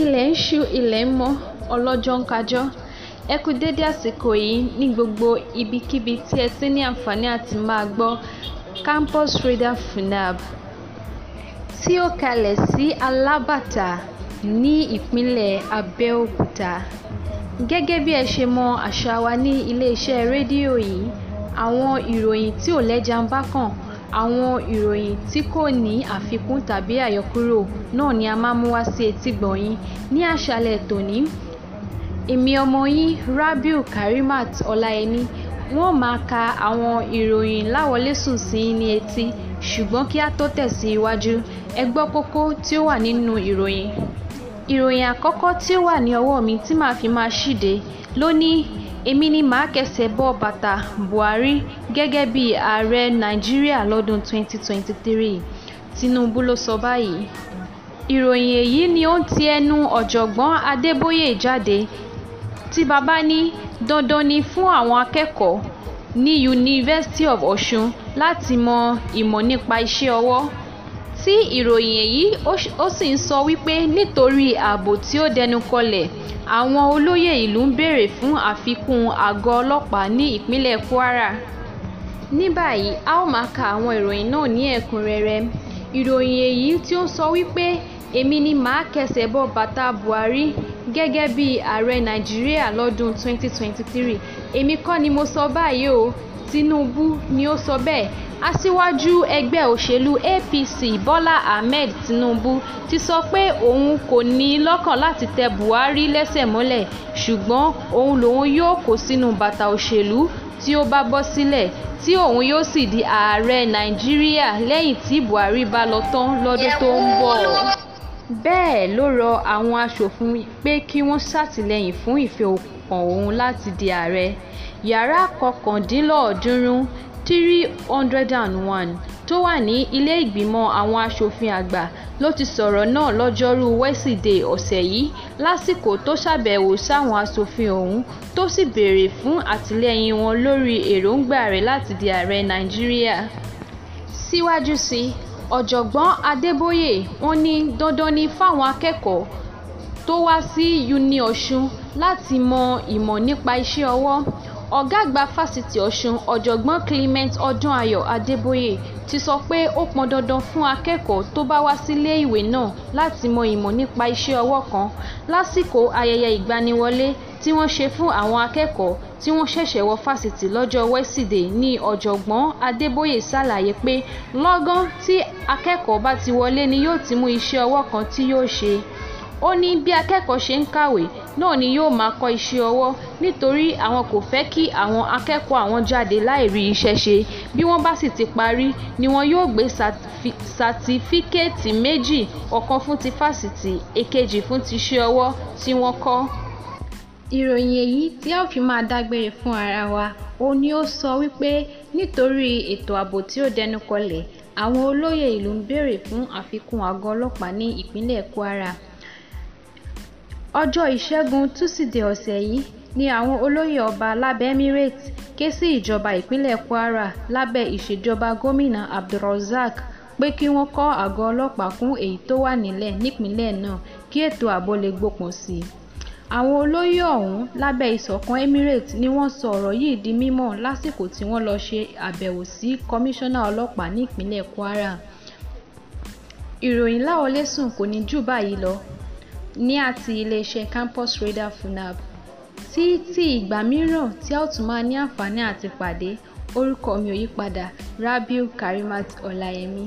ilẹ̀ ń ṣú ilẹ̀ ń mọ́ ọlọ́jọ́ ń kájọ́ ẹ kú dédé àsìkò yìí ní gbogbo ibikíbi tí ẹ ti ní àǹfààní àti máa gbọ́ campus radar funab tí ó kalẹ̀ sí alábàtà ní ìpínlẹ̀ abẹ́òkúta gẹ́gẹ́ bí ẹ ṣe mọ àṣà wa ní iléeṣẹ́ rédíò yìí àwọn ìròyìn tí ò lẹ́jà ń bá kàn Àwọn ìròyìn tí kò ní àfikún tàbí àyọkúrò náà ni a máa mú wá sí etígbọ̀ọ́ yín ní àṣálẹ́ tòní. Èmi ọmọ yín Rabiu Karimat Ọláẹni n ó máa ka àwọn ìròyìn láwọlésùn sí yín ní etí ṣùgbọ́n kí a tó tẹ̀síwájú ẹ gbọ́ kókó tí ó wà nínú ìròyìn. Ìròyìn àkọ́kọ́ tí ó wà ní ọwọ́ mi tí màá fi máa ṣíde ló èmi ni màá kẹsẹ̀ bọ́ bàtà buhari gẹ́gẹ́ bí ààrẹ nàìjíríà lọ́dún 2023 tinubu ló sọ báyìí ìròyìn èyí ni ó ń ti ẹnu ọ̀jọ̀gbọ́n adébóyè jáde tí bàbá ní dandan ni fún àwọn akẹ́kọ̀ọ́ ní University of Ọ̀ṣun láti mọ ìmọ̀ nípa iṣẹ́ ọwọ́ sí ìròyìn èyí ó sì ń sọ wípé nítorí ààbò tí ó dẹnukọlẹ̀ àwọn olóyè ìlú ń béèrè fún àfikún àgọ́ ọlọ́pàá ní ìpínlẹ̀ Kwara ní báyìí a ó máa ka àwọn ìròyìn náà ní ẹ̀kúnrẹ́rẹ́ ìròyìn èyí tí ó ń sọ wípé èmi ni màá kẹsẹ̀ bọ́ bàtà Buhari gẹ́gẹ́ bí ààrẹ Nàìjíríà lọ́dún 2023 èmi kọ́ ni mo sọ báyìí o Tinubu ni ó sọ bẹ́ẹ̀ aṣíwájú ẹgbẹ́ òṣèlú APC Bọ́lá Ahmed Tinubu ti sọ pé òun kò ní lọ́kàn láti tẹ Buhari lẹ́sẹ̀ mọ́lẹ̀ ṣùgbọ́n òun lòun yóò kó sínú bàtà òṣèlú tí ó bá bọ́ sílẹ̀ tí òun yóò sì di ààrẹ Nàìjíríà lẹ́yìn tí Buhari bá lọ tán lọ́dún tó ń bọ̀ bẹ́ẹ̀ ló rọ àwọn aṣòfin pé kí wọ́n ṣàtìlẹ́yìn fún ìfẹ́ ọkàn òun láti di ààrẹ yàrá kọkàndínlọ́ọ̀ọ́dúnrún three hundred and one tó wà ní ilé ìgbìmọ̀ àwọn aṣòfin àgbà ló ti sọ̀rọ̀ náà lọ́jọ́rú wẹ́sídẹ̀ẹ́ ọ̀sẹ̀ yìí lásìkò tó ṣàbẹ̀wò sáwọn aṣòfin ọ̀hún tó sì béèrè fún àtìlẹ́yìn wọn lórí èròǹgbà rẹ̀ láti di ààrẹ nàìjíríà síwájú sí i ọ̀jọ̀gbọ́n adébóyè wọn ní dandan ni fáwọn akẹ́kọ̀ọ́ tó wá sí uni ọ̀ṣun láti mọ ìmọ̀ nípa iṣẹ́ ọwọ́ ọ̀gá àgbà fásitì ọ̀ṣun ọ̀jọ̀gbọ́n clement ọdúnayọ̀ adébóyè ti sọ pé ó pọn dandan fún akẹ́kọ̀ọ́ tó bá wá sílé ìwé náà láti mọ ìmọ̀ nípa iṣẹ́ ọwọ́ kan lásìkò ayẹyẹ ìgbaniwọlé tí wọ́n ṣe fún àwọn akẹ́kọ̀ọ́ tí wọ́n ṣẹ̀ṣẹ̀ wọ fásitì lọ́jọ́ wẹ́sídẹ̀ẹ́ ní ọ̀jọ̀gbọ́n Adébóyè ṣàlàyé pé lọ́gán tí akẹ́kọ̀ọ́ bá ti wọlé ni yóò ti mú iṣẹ́ ọwọ́ kan tí yóò ṣe ó ní bí akẹ́kọ̀ọ́ ṣe ń kàwé náà ni yóò máa kọ́ iṣẹ́ ọwọ́ nítorí àwọn kò fẹ́ kí àwọn akẹ́kọ̀ọ́ àwọn jáde láì rí iṣẹ́ ṣe bí wọ́n bá sì ti parí ni wọ́n yóò gbé sátífíkẹ́ẹ̀tì méjì ọ̀kan fún ti fásitì èkejì fún tiṣẹ́ ọwọ́ tí wọ́n kọ́ ìròyìn èyí tí a ó fi máa dágbére fún ara wa òun ni ó sọ wípé nítorí ètò ààbò tí ó dẹnukọlẹ̀ àwọn olóyè ìlú ń béèrè fún àfikún àgọ́ ọlọ́pàá ní ìpínlẹ̀ Kwara ọjọ́ ìṣẹ́gun túsìdeè ọ̀sẹ̀ yìí ni àwọn olóyè ọba lábẹ́ Emirates ké sí ìjọba ìpínlẹ̀ Kwara lábẹ́ ìṣèjọba gómìnà Abdulrozak pé kí wọ́n kọ́ àgọ́ ọlọ́pàá kún èyí tó wà nílẹ̀ nípìnlẹ̀ náà kí ètò ààbò lè gbópọn sí i àwọn olóyè ọ̀hún lábẹ́ ìṣọ̀kan emirates ni wọ́n sọ ọ̀rọ̀ yìí di mímọ̀ lásìkò tí wọ́n lọ́ọ́ ṣe àbẹ̀wò sí kọmíṣánná ọlọ́pàá nípínlẹ̀ kwara ìròyìn láwọlé sùn kò ní jù báyìí lọ ní àti iléeṣẹ́ campus radar funab tí tí ìgbà mìíràn tí a ó tún máa ní àǹfààní àti pàdé orúkọ mi ò yí padà rabiu karimat ọláyẹmí